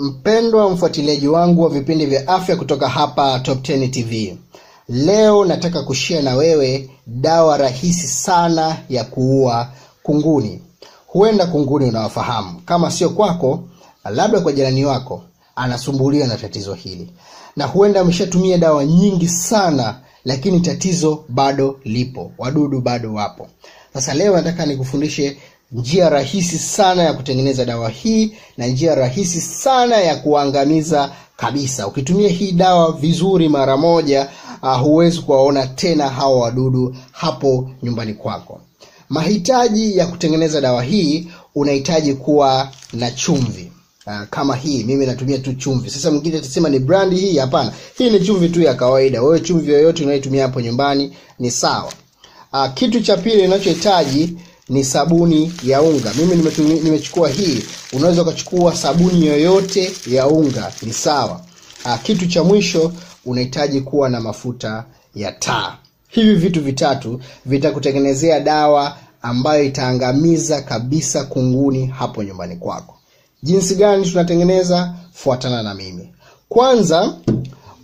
Mpendwa mfuatiliaji wangu wa vipindi vya afya kutoka hapa Top 10 TV. Leo nataka kushia na wewe dawa rahisi sana ya kuua kunguni. Huenda kunguni unawafahamu, kama sio kwako, labda kwa jirani wako anasumbuliwa na tatizo hili, na huenda ameshatumia dawa nyingi sana, lakini tatizo bado lipo, wadudu bado wapo. Sasa leo nataka nikufundishe njia rahisi sana ya kutengeneza dawa hii na njia rahisi sana ya kuangamiza kabisa ukitumia hii dawa vizuri mara moja uh, huwezi kuwaona tena hawa wadudu hapo nyumbani kwako mahitaji ya kutengeneza dawa hii unahitaji kuwa na chumvi uh, kama hii mimi natumia tu chumvi sasa mwingine atasema ni brandi hii hapana hii ni chumvi tu ya kawaida wewe chumvi yoyote unayotumia hapo nyumbani ni sawa uh, kitu cha pili unachohitaji ni sabuni ya unga mimi nimechukua hii unaweza ukachukua sabuni yoyote ya unga ni sawa A, ah, kitu cha mwisho unahitaji kuwa na mafuta ya taa hivi vitu vitatu vitakutengenezea dawa ambayo itaangamiza kabisa kunguni hapo nyumbani kwako jinsi gani tunatengeneza fuatana na mimi kwanza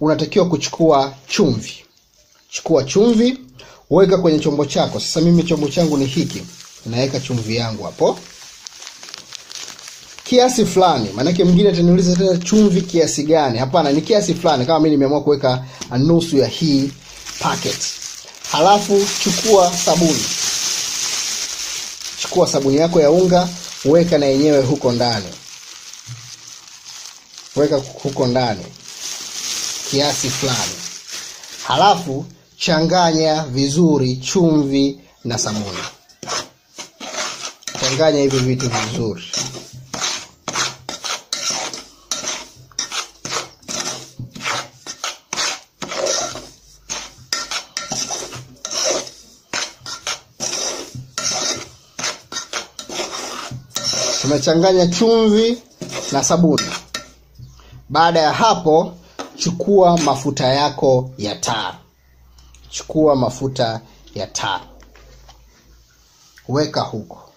unatakiwa kuchukua chumvi chukua chumvi weka kwenye chombo chako sasa mimi chombo changu ni hiki naweka chumvi yangu hapo kiasi fulani, maanake mwingine ataniuliza tena chumvi kiasi gani? Hapana, ni kiasi fulani. Kama mimi nimeamua kuweka nusu ya hii packet, halafu chukua sabuni, chukua sabuni yako ya unga, weka na yenyewe huko ndani, weka huko ndani kiasi fulani, halafu changanya vizuri chumvi na sabuni changanya hivi vitu vizuri tumechanganya chumvi na sabuni baada ya hapo chukua mafuta yako ya taa chukua mafuta ya taa weka huko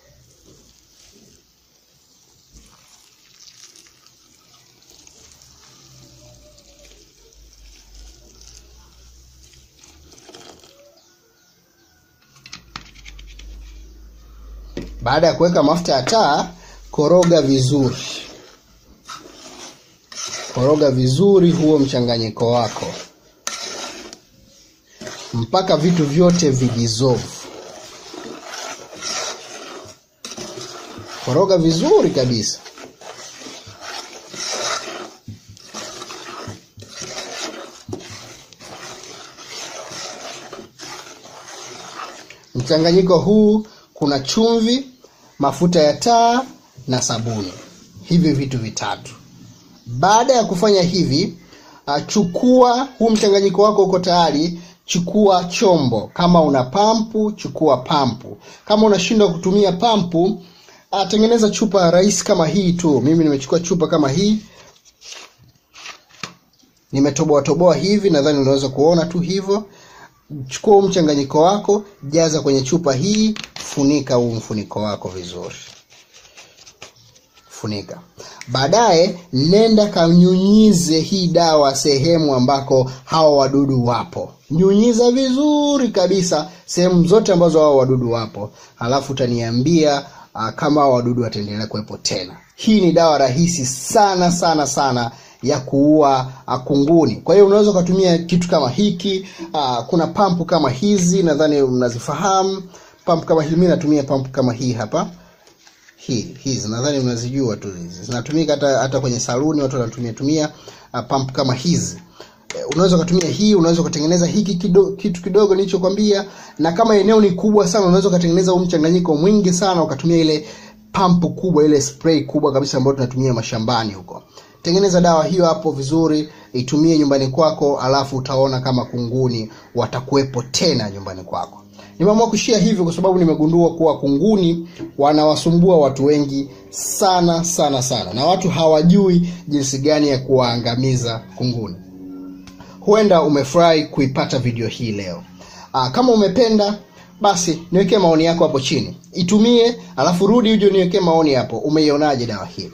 Baada ya kuweka mafuta ya taa, koroga vizuri, koroga vizuri huo mchanganyiko wako mpaka vitu vyote vijizovu. Koroga vizuri kabisa. Mchanganyiko huu kuna chumvi, mafuta ya taa na sabuni, hivi vitu vitatu. Baada ya kufanya hivi, ah, chukua huu mchanganyiko wako uko tayari. Chukua chombo, kama una pampu chukua pampu, kama unashindwa kutumia pampu ah, tengeneza chupa rahisi kama hii tu. Mimi nimechukua chupa kama hii, nimetoboa toboa hivi, nadhani unaweza kuona tu hivyo. Chukua mchanganyiko wako, jaza kwenye chupa hii, funika huu mfuniko wako vizuri funika baadaye nenda kanyunyize hii dawa sehemu ambako hawa wadudu wapo nyunyiza vizuri kabisa sehemu zote ambazo hawa wadudu wapo halafu utaniambia uh, kama hawa wadudu wataendelea kuwepo tena hii ni dawa rahisi sana sana sana ya kuua ah, kunguni kwa hiyo unaweza ukatumia kitu kama hiki ah, kuna pampu kama hizi nadhani mnazifahamu pump kama hii. Mimi natumia pump kama hii hapa, hii hizi nadhani unazijua tu, hizi zinatumika hata hata kwenye saluni watu wanatumia tumia uh, pump kama hizi eh, unaweza ukatumia hii, unaweza ukatengeneza hiki kido, kitu kidogo nilichokwambia, na kama eneo ni kubwa sana, unaweza ukatengeneza huu mchanganyiko mwingi sana ukatumia ile pump kubwa, ile spray kubwa kabisa ambayo tunatumia mashambani huko tengeneza dawa hiyo hapo vizuri itumie nyumbani kwako alafu utaona kama kunguni watakuwepo tena nyumbani kwako nimeamua kushia hivyo kwa sababu nimegundua kuwa kunguni wanawasumbua watu wengi sana sana sana na watu hawajui jinsi gani ya kuwaangamiza kunguni huenda umefurahi kuipata video hii leo Aa, ah, kama umependa basi niwekee maoni yako hapo chini itumie alafu rudi uje niwekee maoni hapo umeionaje dawa hii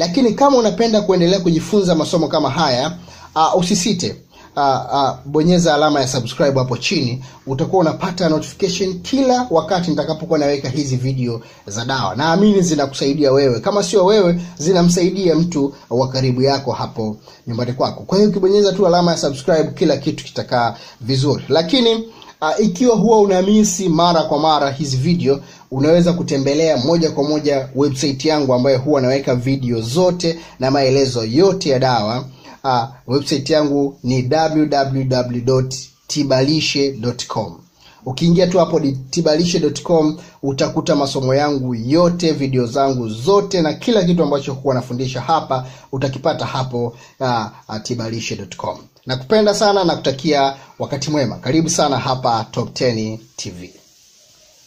lakini kama unapenda kuendelea kujifunza masomo kama haya uh, usisite uh, uh, bonyeza alama ya subscribe hapo chini. Utakuwa unapata notification kila wakati nitakapokuwa naweka hizi video za dawa. Naamini zinakusaidia wewe, kama sio wewe, zinamsaidia mtu wa karibu yako hapo nyumbani kwako. Kwa hiyo ukibonyeza tu alama ya subscribe, kila kitu kitakaa vizuri, lakini Uh, ikiwa huwa unamisi mara kwa mara hizi video, unaweza kutembelea moja kwa moja website yangu ambayo huwa naweka video zote na maelezo yote ya dawa. Uh, website yangu ni www.tibalishe.com. Ukiingia tu hapo tibalishe.com utakuta masomo yangu yote, video zangu zote na kila kitu ambacho huwa nafundisha hapa utakipata hapo uh, ah, tibalishe.com. Nakupenda sana na kutakia wakati mwema. Karibu sana hapa Top 10 TV.